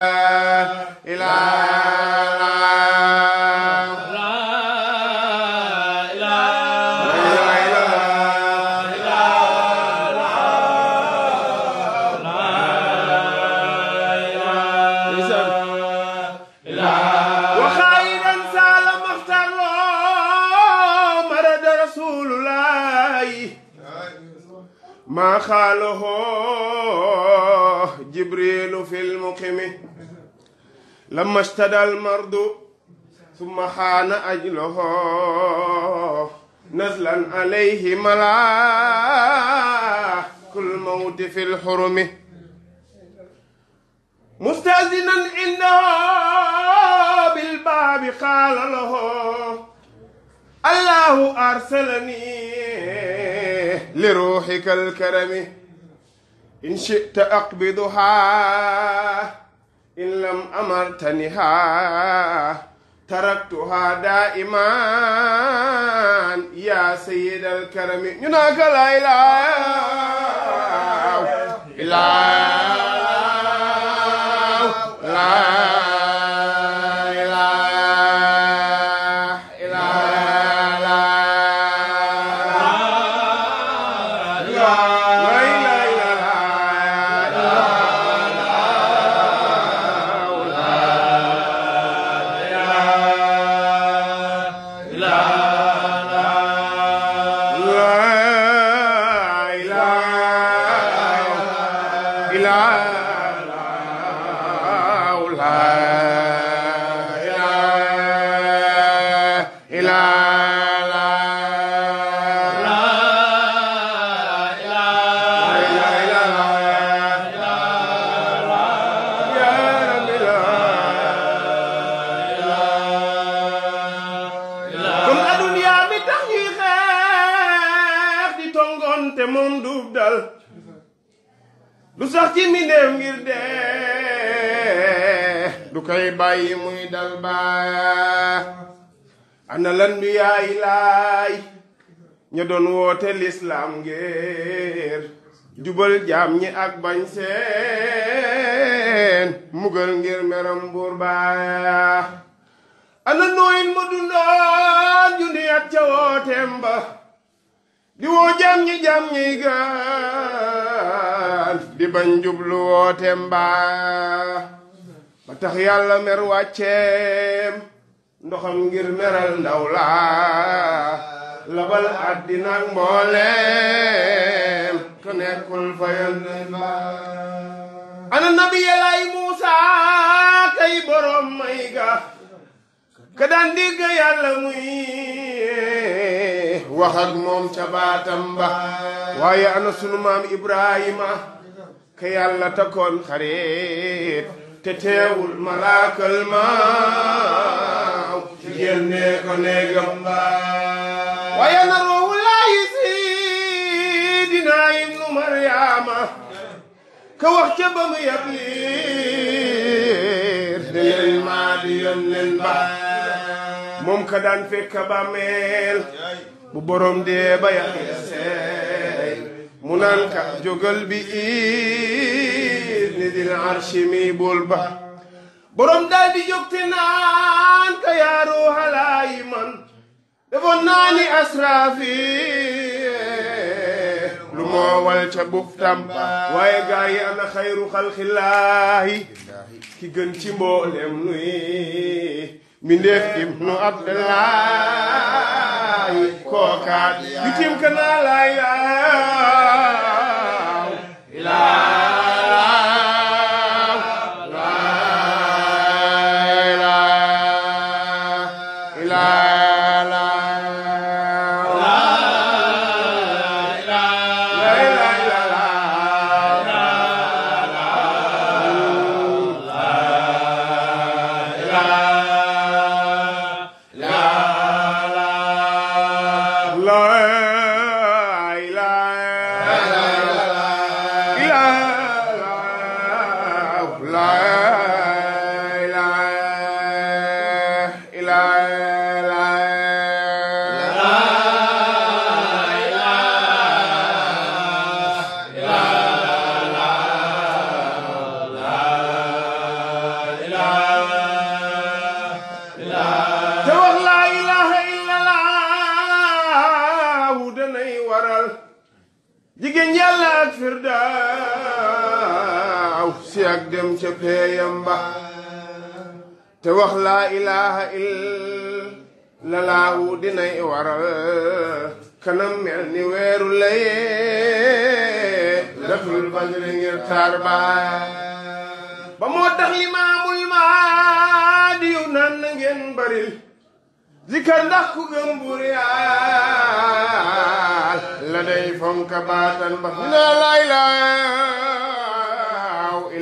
Uh, الليل في المقيم لما اشتدى المرض ثم حان أجله نزلا عليه ملا كل موت في الحرم مستأذنا عنده بالباب قال له الله أرسلني لروحك الكرم إن شئت أقبضها إن لم أمرتنها تركتها دائما يا سيد الكرم يناك لا إله إلا لا ci mi def ngir dee du koy bàyyi muy dal baa ana lan bi yaay laay ña doon woote lislaam ngir jubal jaam ñi ak bañ seen mugal ngir meram buur baa ana nooyin ma dundoon junni ca wooteem ba di woo jaam ñi jaam ñi ga di bañ jublu wooteem baa ba tax yàlla mer wàcceem ndoxam ngir meral ndaw laa labal àddina ak mbooleem ku nekkul fa yonent ba ana nabi yelay muusa kay borom may ga ka daan yàlla muy wax ak moom ca baatam ba waaye ana sunu Ibrahima ka yàlla takkoon xarit te teewul malaakal maaw ci génnee ko néegam mbaa waaye na roowu laayi Seydina Maryaama ka wax ca ba mu de leen maa di yónneen ba moom ka daan fekk ba meel bu borom dee ba yàq منانك جوجل بي دي العرش مي بولبا بروم دال دي جوكتي نان يا روح الايمان دفون ناني اسرافي لمو والتبوك تامبا واي غاي انا خير خلق الله كي جن تي مبولم نوي من ديف ابن عبد الله كوكا بيتيم كنا لا يا dem ca peeyam ba te wax laa ilaaha illa laahu dinay waral kanam mel ni weeru layee latul badri ngir taar ba moo tax limaamul maadi yu na ngeen baril zikar ndax ku gëm buur Yàlla fonka baatan ba la lay lay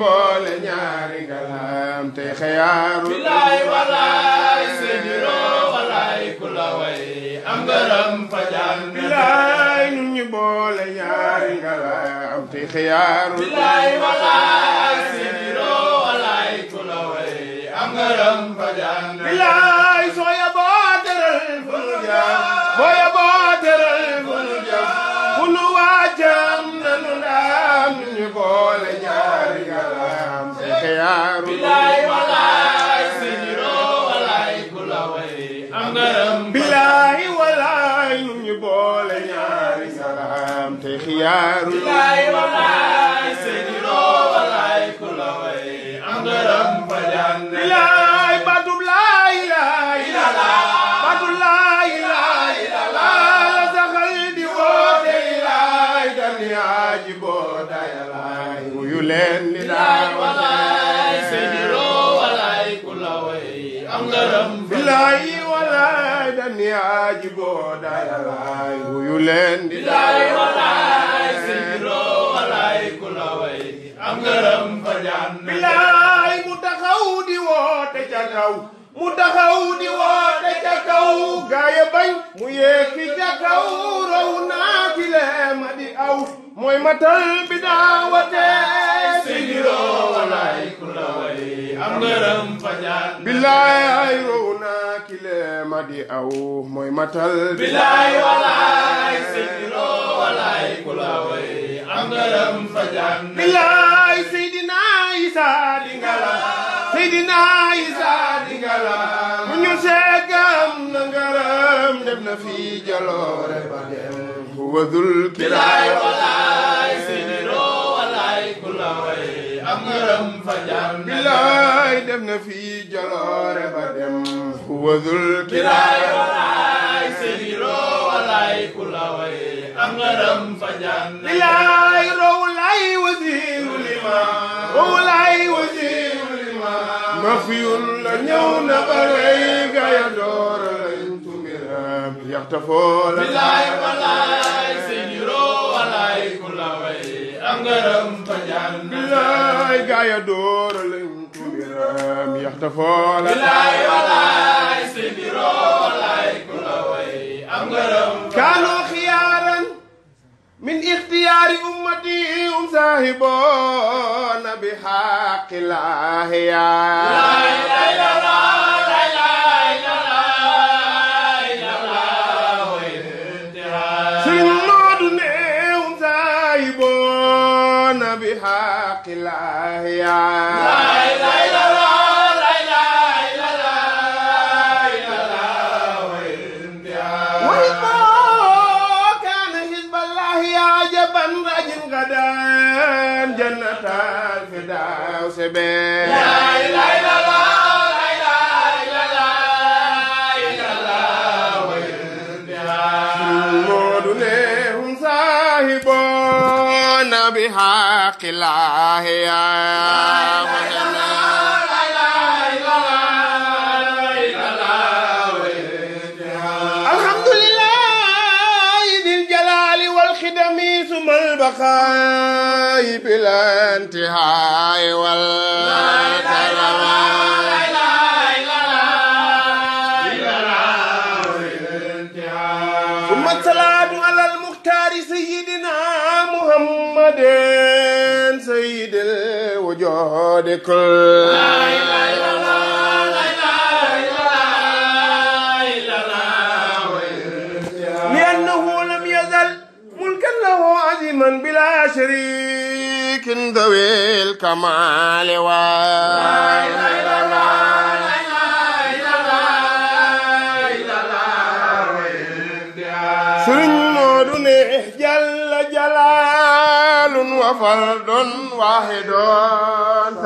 boole ñaari ngalaam te xeyaaru bilaay walaay fa jaan bilaay ñun ñu boole ñaari ngalaam te xeyaaru bilaay walaay séddinoo walaay ku la way fa jaan bilaay leen li laay walaay seydinoo walaay ku la way am ngaram bilaay walaay daniyaa jiboo dayalaay wuyu leen li ku la way mu taxaw woote ca mu taxaw woote ca kaw gaaya mu yéegi ca raw naa fi di aw mooy matal bi daawate billaay ay row naa ki lee ma di aw mooy matal billaay walaay seydina walaay ku la way am ngërëm fajaan billaay seydina isa dingala seydina isa dingala mu ñu seegam na ngërëm def na fi jaloore ba dem huwa dul billaay walaay ngërëm fa jaar bilaay def na fi jaloore ba dem wadul kiraay walaay la way na barey gaya door lañ tumiram yaxtafoo la bilaay ku la ay gaay a door leen tubiram yaxtafoo la laay walaay si biroo lay ku la way am ngërëm kaanoo xiyaaran min ixtiyaari ummati um saahiboona bi xaqi laahi yaay حق الله لا إله إلا الله جنة الفردوس بين لا إله إلا الله behind. لله الله يا والخدم ثم البقاء بلا انتهاء والكلام ثم الصلاة على المختار سيدنا moo di kul لأنه لم يزل ملكا له عظيما بلا شريك ذوي الكمال و لا إله إلا الله جلال وفرد واحد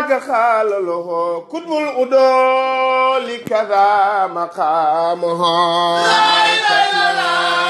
ذاك خال له كتب الأدول كذا مقامها لا إله إلا الله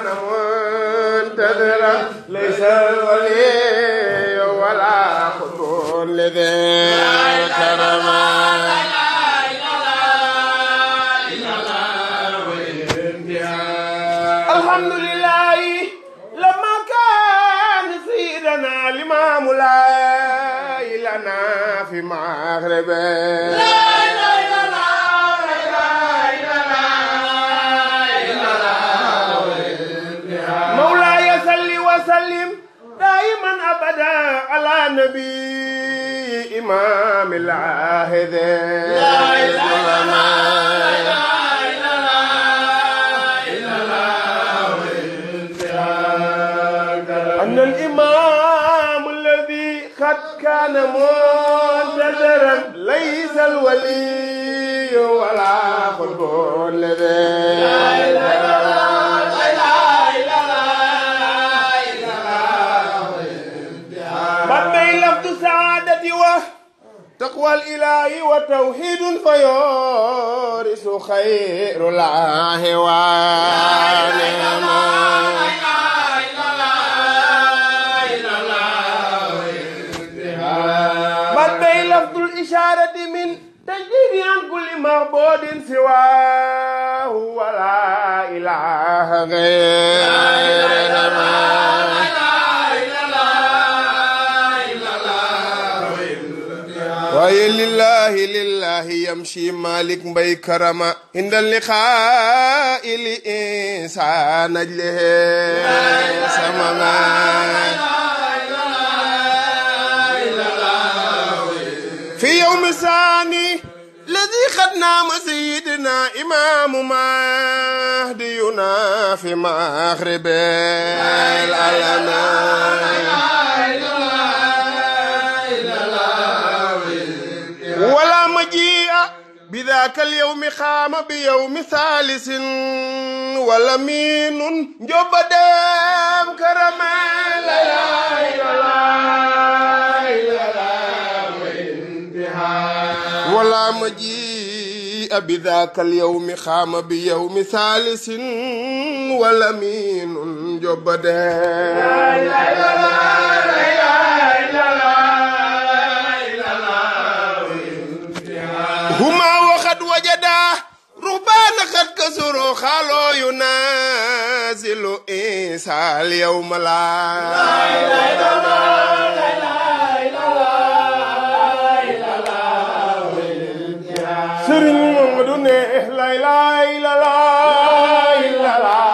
أنا منتظرة ليس الولي ولا خطور لذي وسلم دائما أبدا على نبي إمام العاهد لا إله إلا الله أن الإمام الذي قد كان منتظرا ليس الولي ولا خلف لذي تقوى الإله وتوحيد فيورس خير الله والإيمان بدي لفظ الإشارة من تجديد عن كل معبود سواه ولا إله الله waaye lillahi lillahi yamshi malik mbay karama indal li xaili insa najlehe samanga في يوم ثاني الذي قد نام سيدنا إمام مهدينا في مغرب الألمان بذاك اليوم خام بيوم ثالث ولمين جب دام كرما لا لا لا ولا مجيء بذاك اليوم خام بيوم ثالث ولمين جب دام لا لا لا كسر خالو ينازل إنسى اليوم لا لا إله إلا الله لا إله إلا الله سرين مدن لا إله إلا الله